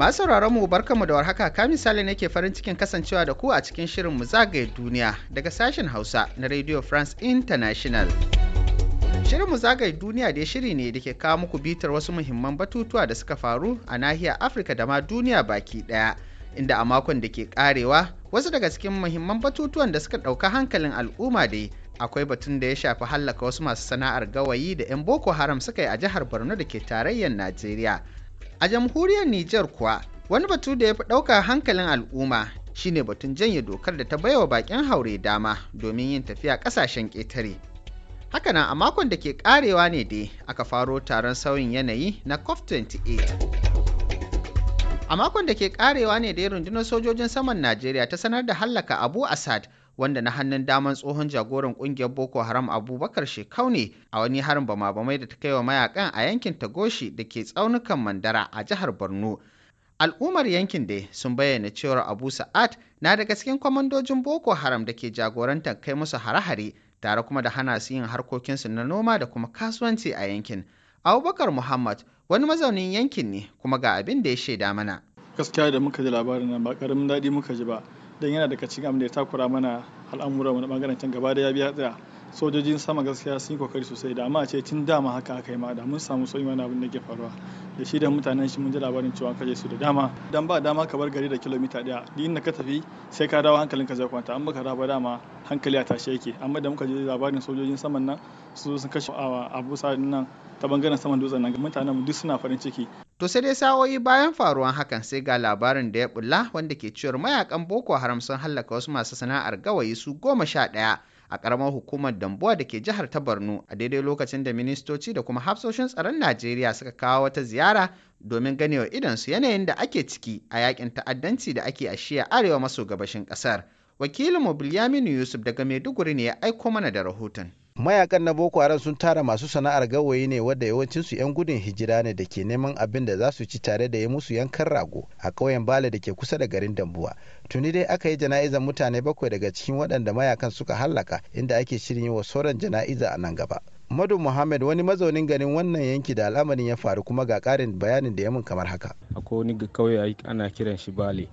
Masu sauraron mu barkanmu da warhaka ka misali ne ke farin cikin kasancewa da ku a cikin shirin mu zagaye duniya daga sashen Hausa na Radio France International. Shirin mu zagaye duniya da shiri ne da ke kawo muku bitar wasu muhimman batutuwa da suka faru a nahiyar Afirka da ma duniya baki daya. Inda a makon da ke karewa wasu daga cikin muhimman batutuwan da suka ɗauka hankalin al'umma dai akwai batun da ya shafi hallaka wasu masu sana'ar gawayi da 'yan boko haram suka yi a jihar borno da ke tarayyar najeriya A jamhuriyar Nijar kuwa wani batu da ya fi ɗaukar hankalin al'umma shine batun janye dokar da ta baiwa baƙin haure dama domin yin tafiya ƙasashen ƙetare. Hakanan a makon da ke ƙarewa ne dai aka faro taron sauyin yanayi na COP28. A makon da ke ƙarewa ne dai rundunar sojojin saman Najeriya ta sanar da hallaka Abu Asad wanda na hannun daman tsohon jagoran kungiyar boko haram abubakar shekau ne a wani harin bama bamai da ta kai wa mayakan a yankin tagoshi da ke tsaunukan mandara a jihar borno al'ummar yankin dai sun bayyana cewar abu sa'ad na daga cikin kwamandojin boko haram da ke jagorantar kai musu hare-hare tare kuma da hana su yin harkokinsu na noma da kuma kasuwanci a yankin abubakar muhammad wani mazaunin yankin ne kuma ga abin da ya shaida mana gaskiya da muka ji labarin nan ba karamin daɗi muka ji ba don yana daga cikin abin da ya takura mana al'amuran wani bangaren can gaba da ya biya tsaya sojojin sama gaskiya sun yi kokari sosai da amma ce tun dama haka aka yi ma da mun samu sauyi wani abin da ke faruwa da shi da mutanen shi mun ji labarin cewa kaje su da dama dan ba dama ka bar gari da kilomita daya din da ka tafi sai ka dawo hankalin ka zai kwanta an baka dawo dama hankali a tashe yake amma da muka ji labarin sojojin saman nan su sun kashe a Abu nan ta bangaren saman dutsen nan mutanen duk suna farin ciki To sai dai sa'o'i bayan faruwan hakan sai ga labarin da ya bulla wanda ke cewar mayakan Boko Haram sun hallaka wasu masu sana'ar gawayi su goma sha ɗaya a karamar hukumar dambuwa da ke jihar ta borno a daidai lokacin da ministoci da kuma hafsoshin tsaron najeriya suka kawo wata ziyara domin ganewa idansu yanayin da ake ciki a yakin ta'addanci da ake a shiya arewa maso gabashin kasar mu bilyaminu yusuf daga maiduguri ne ya aiko mana da rahoton mayakan na boko haram sun tara masu sana'ar gawayi ne wadda yawancinsu 'yan gudun hijira ne da ke neman abin da za su ci tare da ya musu yankan rago a ƙauyen bale da ke kusa da garin dambuwa tuni dai aka yi jana'izar mutane bakwai daga cikin waɗanda mayakan suka hallaka inda ake shirin yi wa sauran jana'iza a nan gaba madu muhammad wani mazaunin garin wannan yanki da al'amarin ya faru kuma ga ƙarin bayanin da ya mun kamar haka akwai wani kauye ana kiran shi bale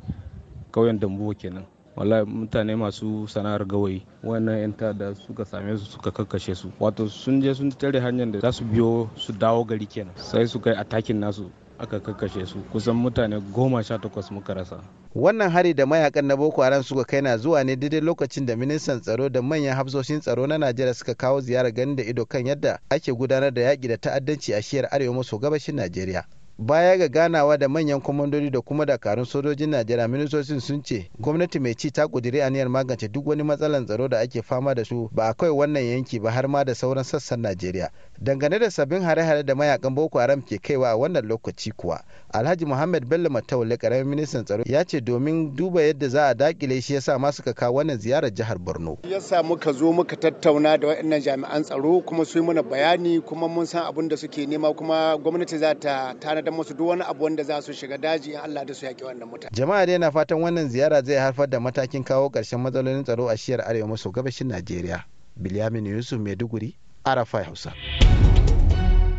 kauyen dambuwa kenan wallahi mutane masu sana'ar gawayi wannan 'yan ta'adda suka same su suka kakkashe su wato sun je sun tare hanyar da za su biyo su dawo gari kenan sai su kai atakin nasu aka kakkashe su kusan mutane goma sha takwas muka rasa. Wannan hari da mayakan na Boko Haram suka kai na zuwa ne daidai lokacin da ministan tsaro da manyan hafsoshin tsaro na Najeriya suka kawo ziyarar ganin da ido kan yadda ake gudanar da yaƙi da ta'addanci a shiyar arewa maso gabashin Najeriya. baya ga ganawa da manyan kwamandoli da kuma dakarun sojojin najeriya ministocin sun ce gwamnati mai ci ta a aniyar magance duk wani matsalan tsaro da ake fama da su ba a kawai wannan yanki ba har ma da sauran sassan najeriya dangane da sabbin hare-hare da mayakan boko haram ke kaiwa wannan lokaci kuwa alhaji muhammad bello mataule karamin ministan tsaro ya ce domin duba yadda za a dakile shi sa ma suka kawo wannan ziyarar jihar borno Ya sa muka zo muka tattauna da waɗannan jami'an tsaro kuma su yi mana bayani kuma mun san abin da suke nema kuma gwamnati za ta tanadar musu duk wani abu wanda za su shiga daji in Allah da su yaƙi wannan mutane jama'a dai na fatan wannan ziyara zai haifar da matakin kawo ƙarshen matsalolin tsaro a shiyar arewa maso gabashin najeriya biliyamin yusuf maiduguri arafai hausa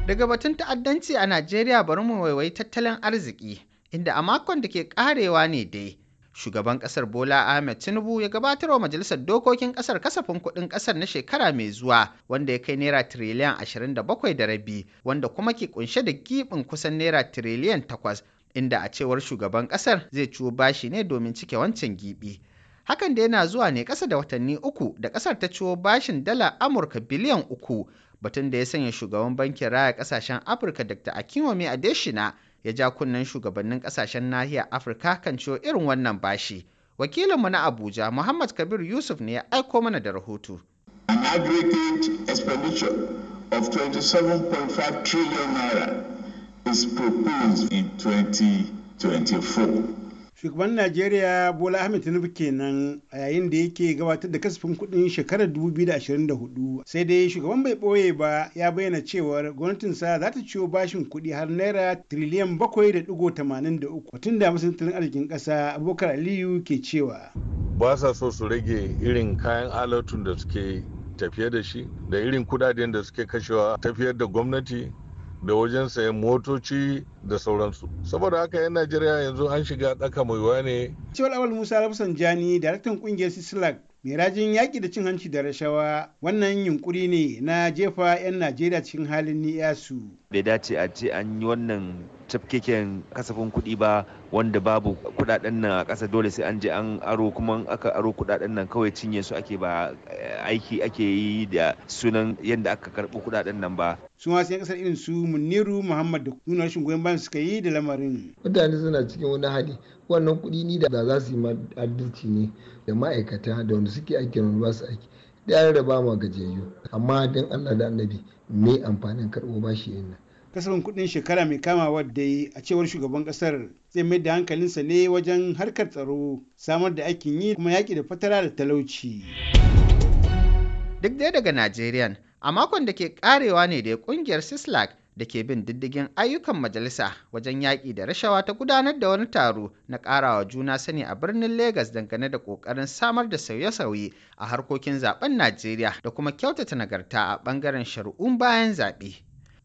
Daga batun ta'addanci a Najeriya bari mu waiwayi tattalin arziki, inda a makon da ke karewa ne dai. Shugaban ƙasar Bola Ahmed Tinubu ya gabatar wa Majalisar Dokokin ƙasar kasafin kuɗin ƙasar na shekara mai zuwa wanda ya kai naira tiriliyan ashirin da bakwai rabi wanda kuma ke kunshe da giɓin kusan naira tiriliyan takwas, inda a cewar shugaban ƙasar zai ciwo bashi ne domin cike wancan giɓi. Hakan da yana zuwa ne ƙasa da watanni uku da ƙasar ta ciwo bashin dala Amurka biliyan uku batun da ya sanya shugaban bankin raya kasashen afirka dr akinwami adeshina ya ja kunnen shugabannin kasashen nahiyar afirka kan ciwo irin wannan bashi wakilinmu na abuja muhammad kabir yusuf ne ya aiko mana da rahoto aggregate expenditure of 27.5 trillion is proposed in 2024 shugaban najeriya bola ahmed tinubu kenan a yayin da yake gabatar da kasafin kudin shekarar 2024 sai dai shugaban bai boye ba ya bayyana cewar gwamnatinsa za ta ciwo bashin kudi har naira triliyan 7.83 batun da masu tattalin arzikin kasa abokar aliyu ke cewa ba sa so su rage irin kayan alatun da suke tafiye da shi da irin kudaden da suke kashewa tafiyar da gwamnati da wajen sayan motoci da sauransu saboda haka yan najeriya yanzu an shiga tsaka mai wa ne ciwon awal musa rafsan jani daraktan kungiyar sislak mai rajin yaƙi da cin hanci da rashawa wannan yunkuri ne na jefa 'yan najeriya cikin halin ni'yasu bai dace a ce an yi wannan cafkeken kasafin kuɗi ba wanda babu kuɗaɗen nan a ƙasa dole sai an je an aro kuma aka aro kuɗaɗen nan kawai cinye su ake ba eh, aiki ake yi da sunan yadda aka karɓi kuɗaɗen nan ba sun wasu sai kasar irin su muniru muhammad da nuna rashin goyon bayan suka yi da lamarin mutane suna cikin wani hali wannan kuɗi ni da za su yi adalci ne da ma'aikata da wanda suke aiki wanda ba su aiki da ya raba ma gajiyayyu amma don allah da annabi me amfanin karɓo bashi yin nan kasafin kudin shekara mai kamawa dai a cewar shugaban kasar zai mai da hankalinsa ne wajen harkar tsaro samar da aikin yi kuma yaƙi da fatara da talauci. Duk dai daga Najeriya, a makon da ke karewa ne da kungiyar Sislak da ke bin diddigin ayyukan majalisa wajen yaƙi da rashawa ta gudanar da wani taro na ƙarawa juna sani a birnin Legas dangane da ƙoƙarin samar da sauye-sauye a harkokin zaben Najeriya da kuma kyautata nagarta a ɓangaren shari'un bayan zaɓe.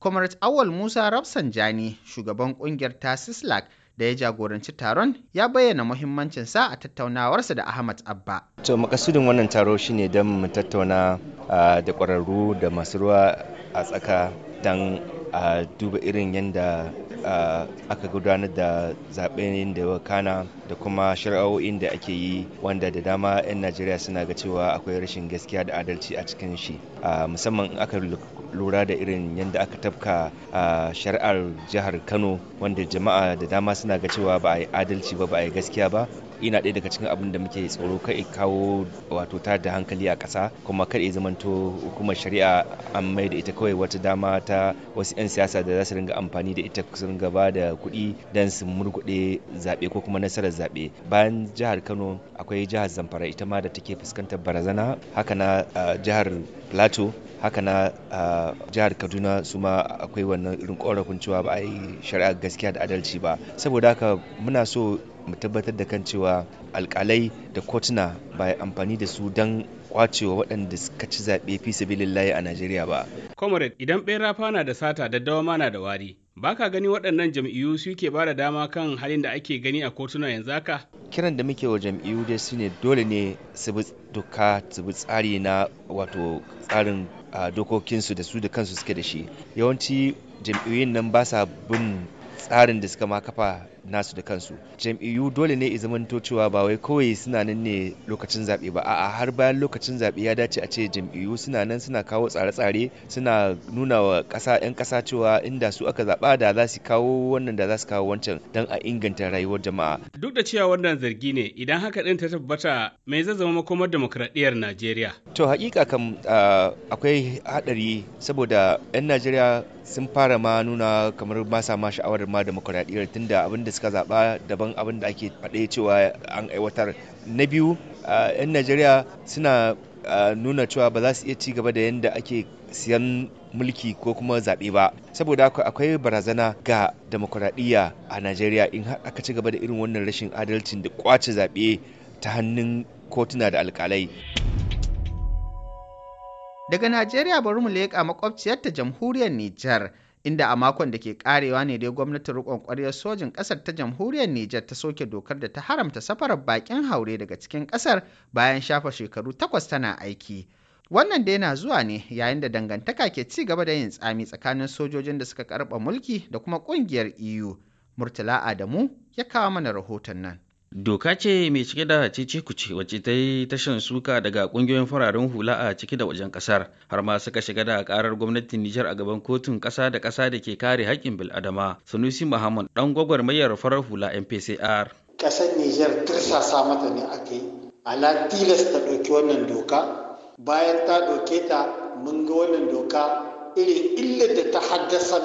comrade awal musa rafsanjani shugaban kungiyar tasislak da ya jagoranci taron ya bayyana muhimmancin sa a tattaunawarsa da Ahmad Abba. To makasudin wannan taro shine don mu tattauna da ƙwararru da masu ruwa a tsaka don a duba irin yadda aka gudanar da zaɓen da kana da kuma shari'o'in da ake yi wanda da dama 'yan najeriya suna ga cewa akwai rashin gaskiya da adalci a cikin shi musamman aka lura da irin yadda aka tafka a shari'ar jihar kano wanda jama'a da dama suna ga cewa ba a yi adalci ba ba a yi gaskiya ba ina ɗaya daga cikin abin da muke tsoro kai kawo wato ta da hankali a ƙasa kuma kar zamanto hukumar shari'a an mai da ita kawai wata dama ta wasu 'yan siyasa da za su ringa amfani da ita su ringa ba da kuɗi don su murguɗe zaɓe ko kuma nasarar zaɓe bayan jihar kano akwai jihar zamfara ita ma da take fuskantar barazana haka na jihar plateau haka na jihar kaduna su ma akwai wannan irin korafin cewa ba a yi shari'a gaskiya da adalci ba saboda haka muna so mu tabbatar da kan cewa alkalai da kotuna ba amfani da su don kwacewa waɗanda suka ci zaɓe fi sabilillahi a Najeriya ba. Comrade idan rafa na da sata daddawa na da wari. Ba ka gani waɗannan jam'iyyu suke ba da dama kan halin da ake gani a kotuna yanzu haka? Kiran da muke wa jam'iyyu dai su ne dole ne su bi doka su bi tsari na wato tsarin dokokinsu da su da kansu suke da shi yawanci jam'iyyun nan ba sa bin tsarin da suka ma kafa nasu da kansu jam'iyyu dole ne zamanto cewa ba wai kawai suna nan ne lokacin zaɓe ba a'a har bayan lokacin zaɓe ya dace a ce jam'iyyu suna nan suna kawo tsare-tsare suna nuna wa ƙasa 'yan ƙasa cewa inda su aka zaɓa da za su kawo wannan da za su kawo wancan don a inganta rayuwar jama'a duk da cewa wannan zargi ne idan haka ɗin ta tabbata me zai zama makomar demokradiyyar najeriya to hakika kam ah, akwai haɗari saboda 'yan najeriya sun fara ma nuna kamar ba sa ma sha'awar ma demokuraɗiyyar tunda abin da suka zaɓa daban abin da ake faɗe cewa an aiwatar na biyu 'yan najeriya suna nuna cewa ba za su iya ci gaba da yadda ake siyan mulki ko kuma zaɓe ba saboda akwai barazana ga demokuraɗiyya a najeriya in aka ci gaba da irin wannan rashin adalcin da kwace zaɓe ta hannun kotuna da alkalai. Daga Najeriya bari mu leƙa makwabciyar ta jamhuriyar Nijar inda a makon da ke karewa ne dai gwamnatin riƙon ƙwaryar sojin ƙasar ta jamhuriyar Nijar ta soke dokar da ta haramta safarar baƙin haure daga cikin ƙasar bayan shafa shekaru takwas tana aiki. Wannan dai na zuwa ne yayin da dangantaka ke ci gaba da yin tsami tsakanin sojojin da suka karɓa mulki da kuma ƙungiyar EU. Murtala Adamu ya kawo mana rahoton nan. Doka ce mai cike da cece-kuce wacce ta yi tashan suka daga kungiyoyin fararen hula a ciki da wajen kasar har ma suka shiga da karar gwamnatin Nijar a gaban kotun kasa da kasa da ke kare haƙƙin bil'adama. Sanusi Muhammad dan gwagwarmayar farar hula MPCR. Kasar Nijar tirsasa mata ne aka yi. Ala tilas ta ɗauki wannan doka bayan ta ɗauke ta mun ga wannan doka irin illar da ta haddasa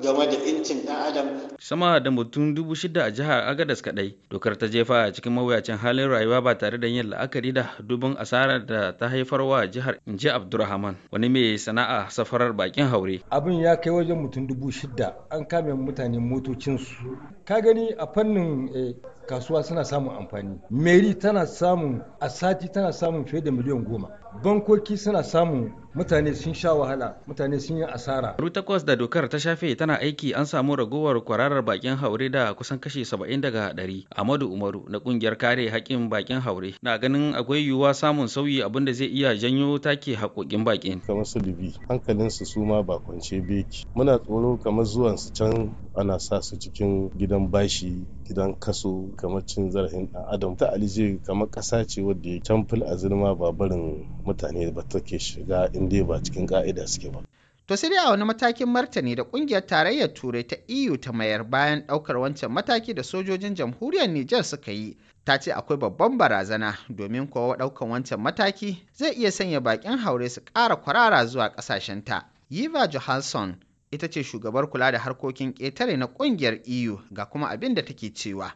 game da incin ɗan adam. Sama da mutum dubu shida a jihar Agadas kaɗai dokar ta jefa a cikin mawuyacin halin rayuwa ba tare da yin la'akari da dubin asarar da ta haifar wa jihar Inji Abdurrahman wani mai sana'a safarar bakin haure. Abin ya kai wajen mutum dubu shida an kame mutane motocinsu. Ka gani a fannin eh, kasuwa suna samun amfani meri tana samun a sati tana samun fiye da miliyan goma bankoki suna samun mutane sun sha wahala mutane sun yi asara ru takwas da dokar ta shafe tana aiki an samu ragowar kwararar bakin haure da kusan kashe saba'in daga 100 amadu umaru na kungiyar kare haƙƙin bakin haure na ganin akwai yiwuwa samun sauyi abin da zai iya janyo take haƙoƙin bakin kamar su dubi hankalin su suma ba kwance beki muna tsoro kamar zuwan su can ana sa su cikin gidan bashi gidan kaso kamar cin zarafin ɗan adam ta alije kamar ƙasa ce wadda ya can fil azirma ba barin mutane ba take shiga in dai ba cikin ka'ida suke ba. To sai dai a wani matakin martani da kungiyar tarayyar turai ta EU ta mayar bayan daukar wancan mataki da sojojin jamhuriyar Nijar suka yi ta ce akwai babban barazana domin kowa daukan wancan mataki zai iya sanya bakin haure su ƙara kwarara zuwa ƙasashen ta. Yiva Johansson ita ce shugabar kula da harkokin ƙetare na kungiyar EU ga kuma abin da take cewa.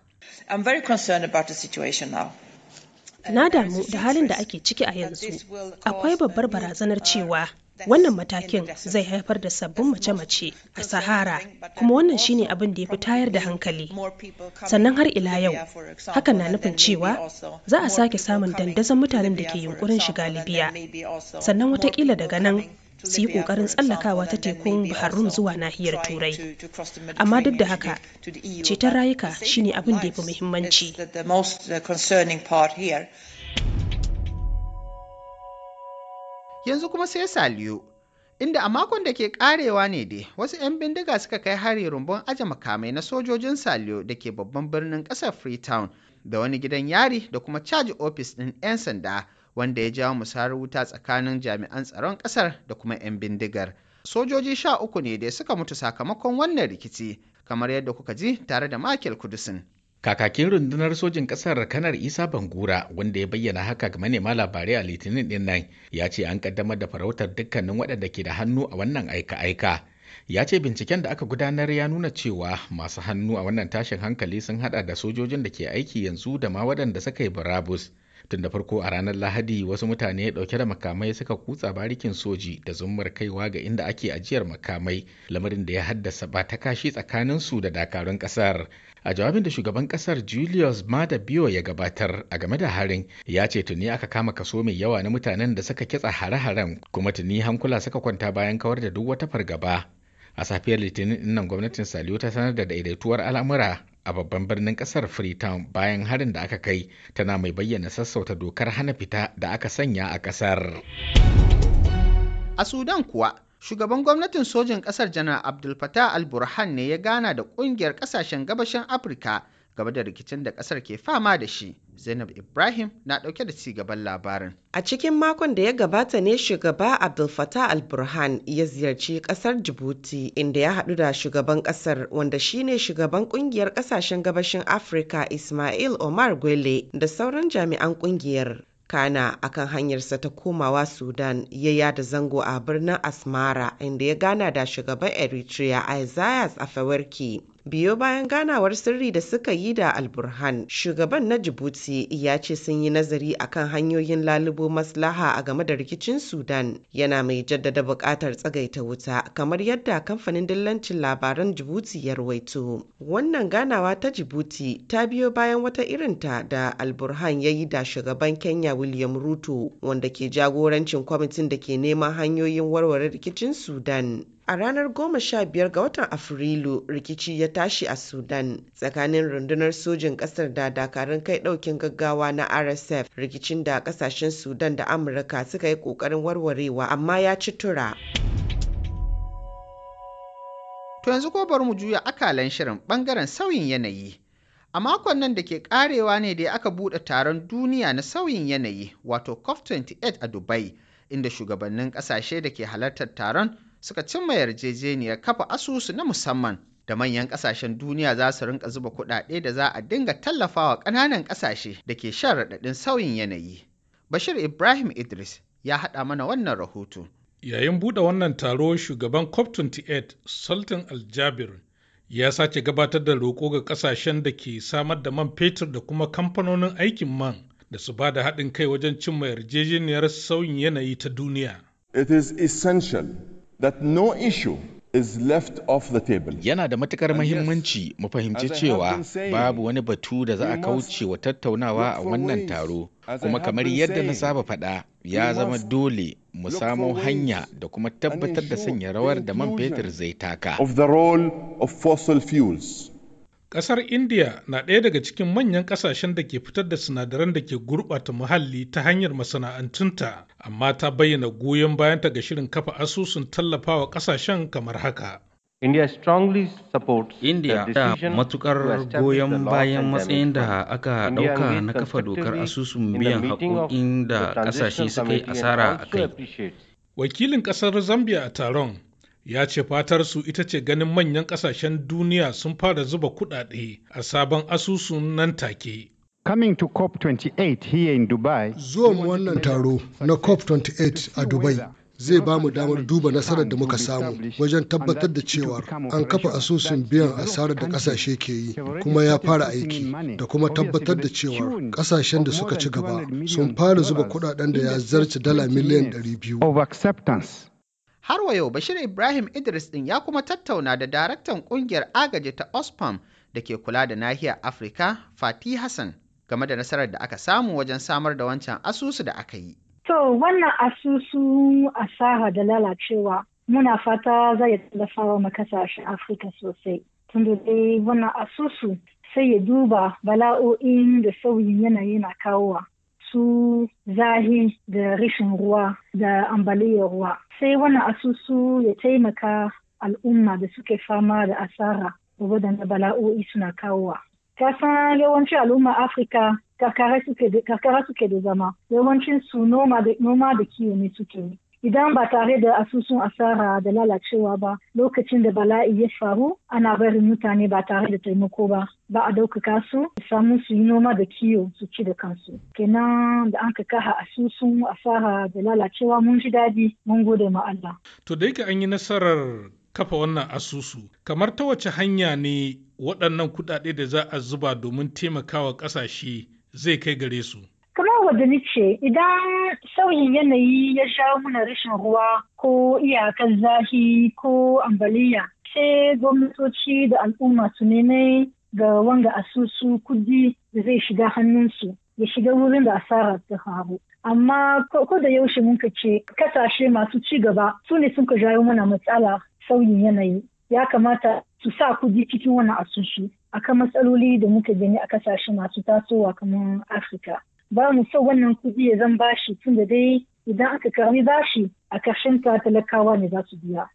I'm very concerned about the situation now. na damu da halin da ake ciki a yanzu akwai babbar barazanar cewa wannan matakin zai haifar da sabbin mace-mace a sahara kuma wannan shine abin da ya fi tayar da hankali sannan har ila yau hakan na nufin cewa za a sake samun dandazon mutanen da ke yunkurin shiga libya sannan watakila daga nan su yi kokarin tsallakawa ta tekun bahar rum zuwa nahiyar turai amma duk da haka e ceton rayuka shine abin da ya fi muhimmanci yanzu kuma sai saliyo inda a makon da ke karewa ne dai wasu 'yan bindiga suka kai hari rumbun aje makamai na sojojin saliyo da ke babban birnin kasar freetown da wani gidan yari da kuma caji ofis ɗin 'yan sanda wanda ya jawo musayar wuta tsakanin jami'an tsaron ƙasar da kuma 'yan bindigar. Sojoji sha uku ne da suka mutu sakamakon wannan rikici kamar yadda kuka ji tare da Michael Kudusin. Kakakin rundunar sojin ƙasar kanar Isa Bangura wanda ya bayyana haka ga manema labarai a Litinin din nan ya ce an kaddamar da farautar dukkanin waɗanda ke da hannu a wannan aika-aika. ya ce binciken da aka gudanar ya nuna cewa masu hannu a wannan tashin hankali sun hada da sojojin da ke aiki yanzu da ma waɗanda suka yi barabus tun da farko a ranar lahadi wasu mutane dauke da makamai suka kutsa barikin soji da zummar kaiwa ga inda ake ajiyar makamai lamarin da ya haddasa ba ta kashi tsakanin su da dakarun kasar a jawabin da shugaban kasar julius mada biyo ya gabatar a game da harin ya ce tuni aka kama kaso mai yawa na mutanen da suka kitsa hare-haren kuma tuni hankula suka kwanta bayan kawar da duk wata fargaba a safiyar litinin nan gwamnatin saliyo ta sanar da daidaituwar al'amura a babban birnin kasar freetown bayan harin da aka kai tana mai bayyana sassauta dokar hana fita da aka sanya a kasar a sudan kuwa shugaban gwamnatin sojin kasar janar abdul fatah al-burhan ne ya gana da kungiyar kasashen gabashin afirka game da rikicin da kasar ke fama da shi. Zainab Ibrahim na ɗauke da ci gaban labarin. A cikin makon da ya gabata ne shugaba Abdul Fattah al-Burhan ya ziyarci ƙasar Djibouti inda ya haɗu da shugaban ƙasar wanda shine shugaban ƙungiyar ƙasashen gabashin Afirka Ismail Omar Gwele da sauran jami'an ƙungiyar. Kana akan hanyarsa ta komawa Sudan ya yada zango a birnin Asmara inda ya gana da shugaban Eritrea Isaias Afewerki. Biyo bayan ganawar sirri da suka yi da alburhan shugaban na jibuti ya ce sun yi nazari a kan hanyoyin lalubo maslaha a game da rikicin Sudan, yana mai jaddada buƙatar tsagaita wuta kamar yadda kamfanin dillancin labaran jibuti ya rawaito. Wannan ganawa ta jibuti ta biyo bayan wata irinta da alburhan burhan ya yi da shugaban Kenya William Ruto wanda ke jagorancin kwamitin da ke neman hanyoyin warware rikicin Sudan. A ranar 15 ga watan Afrilu rikici ya tashi a Sudan tsakanin rundunar sojin ƙasar da dakarun kai ɗaukin gaggawa na RSF rikicin da ƙasashen Sudan da Amurka suka yi ƙoƙarin warwarewa amma ya ci tura. To yanzu ko bar mu juya akalan shirin ɓangaren sauyin yanayi. A makon nan da ke karewa ne da aka buɗe taron duniya na sauyin yanayi wato COP28 a Dubai inda shugabannin ƙasashe da ke halartar taron suka cimma yarjejeniyar kafa asusu na musamman da manyan kasashen duniya za su rinka zuba kuɗaɗe da za a dinga tallafawa ƙananan ƙasashe da ke shan raɗaɗin sauyin yanayi. Bashir Ibrahim Idris ya haɗa mana wannan rahoto. Yayin buɗe wannan taro shugaban COP28 Sultan Aljabir ya sace gabatar da roƙo ga ƙasashen da ke samar da man fetur da kuma kamfanonin aikin man da su ba da haɗin kai wajen cimma yarjejeniyar sauyin yanayi ta duniya. It is essential that no issue is left off the table. Yana da matukar muhimmanci mu fahimci cewa babu wani batu da za a kauce wa tattaunawa a wannan taro kuma kamar yadda na saba faɗa ya zama dole mu samo hanya da kuma tabbatar da sanya rawar da man fetur zai taka. Of the role of fossil fuels. Ƙasar India na ɗaya daga cikin manyan ƙasashen da ke fitar da sinadaran da ke gurɓata muhalli ta hanyar masana'antunta, amma ta bayyana goyon bayan ta ga shirin kafa asusun tallafawa ƙasashen kamar haka. India strongly supports India matukar goyon bayan matsayin da aka ɗauka na kafa dokar asusun biyan haƙoƙin da ƙasashe suka yi asara a kai. Wakilin ƙasar Zambia a taron ya ce fatarsu ita ce ganin manyan kasashen duniya sun fara zuba kuɗaɗe a sabon asusun nan take. Coming to COP28 here in Dubai. zuwa wannan taro na COP28 a Dubai zai ba mu damar duba nasarar da muka samu wajen tabbatar da cewa an kafa asusun biyan asarar da kasashe ke yi kuma ya fara aiki da kuma tabbatar da cewa kasashen da suka ci gaba sun fara zuba kudaden da ya zarce dala miliyan 200. Har wa yau Bashir Ibrahim Idris ɗin ya kuma tattauna da daraktan ƙungiyar agaji ta ospam da ke kula da nahiyar Afirka Fati Hassan game da nasarar da aka samu wajen samar da wancan asusu da aka yi. To wannan asusu a saha da lalacewa muna fata zai tallafa wa kasashen Afirka sosai. Tunda dai wannan asusu sai ya duba bala'o'in da sauyin yanayi na kawowa. su zahi da rashin ruwa da ambaliyar ruwa. Sai wannan asusu ya taimaka al'umma da suke fama da asara na bala'o'i suna kawowa. Ka san yawanci al'umma Afirka karkara suke da zama, yawancin su noma da kiwo ne suke yi. idan ba tare da asusun asara da lalacewa ba lokacin da bala'i ya faru ana barin mutane ba tare da taimako ba ba a ɗaukaka su samu su yi noma da kiwo su ci da kansu kenan da an kaha asusun asara da lalacewa mun ji daɗi mun gode ma Allah. to da yake an yi nasarar kafa wannan asusu kamar ta wace hanya ne waɗannan kuɗaɗe da za a zuba domin taimakawa ƙasashe zai kai gare su. ni ce idan sauyin yanayi ya jawo mana rashin ruwa ko iyakar zafi ko ambaliya sai gwamnatoci da al'umma su nemi ga wanga asusu kudi da zai shiga hannunsu ya shiga wurin da asara ta faru. Amma ko da yaushe muka ce kasashe masu ci gaba su ne sun ka jawo mana matsala sauyin yanayi. Ya kamata su sa kudi cikin wani asusu akan matsaloli da muka gani a kasashe masu tasowa kamar Afirka. ba mu so wannan kuɗi ya zan bashi tun da dai idan aka karami bashi a ƙarshen ta talakawa ne za su biya.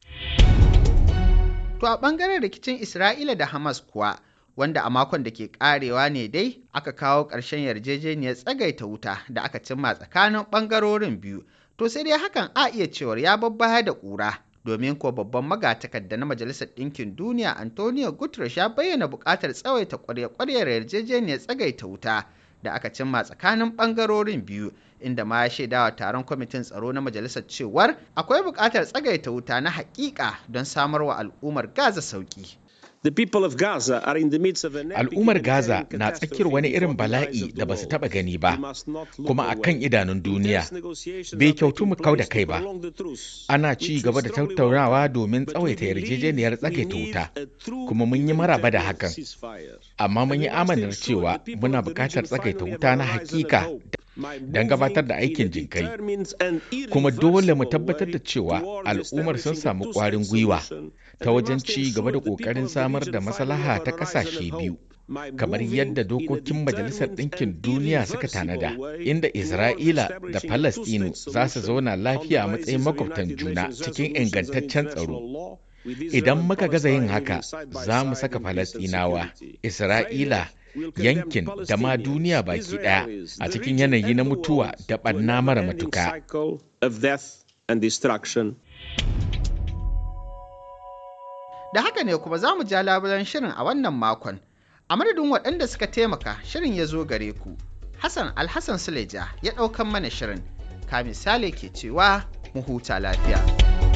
To a ɓangaren rikicin Isra'ila da Hamas kuwa wanda a makon da ke ƙarewa ne dai aka kawo ƙarshen yarjejeniyar tsagaita wuta da aka cimma tsakanin ɓangarorin biyu to sai dai hakan a iya cewar ya babbaya da ƙura domin ko babban magatakarda na majalisar ɗinkin duniya antonio guterres ya bayyana buƙatar tsawaita ƙwarya-ƙwaryar yarjejeniyar tsagaita wuta da aka cimma tsakanin bangarorin biyu inda ma ya shaidawa taron kwamitin tsaro na majalisar cewar akwai buƙatar tsagaita wuta na haƙiƙa don samar wa al'ummar gaza sauƙi Al'ummar Gaza na tsakiyar wani irin bala'i da ba su taɓa gani ba, kuma a kan idanun duniya. Bai kyautu mu kau da kai ba. Ana ci gaba da tattaunawa domin tsawaita yarjejeniyar tsakaita wuta, kuma mun yi maraba da hakan. Amma mun yi amanar cewa muna bukatar tsakaita wuta na hakika don gabatar da aikin jinkai kuma dole mu tabbatar da cewa al'ummar sun samu ƙwarin gwiwa ta wajen ci gaba da ƙoƙarin samar da maslaha ta ƙasashe biyu kamar yadda dokokin majalisar ɗinkin duniya suka tanada inda isra'ila da falastinu za su zauna lafiya a matsayin makwabtan juna cikin ingantaccen tsaro idan muka gaza yin haka za mu saka falastinawa isra'ila yankin da ma duniya baki ɗaya a cikin yanayi na mutuwa da ɓanna mara matuka. Da haka ne kuma za mu ja labulen shirin a wannan makon. A madadin waɗanda suka taimaka shirin ya zo gare ku. Hassan Alhassan Suleja ya ɗaukan mana shirin. Ka misali ke cewa mu huta lafiya.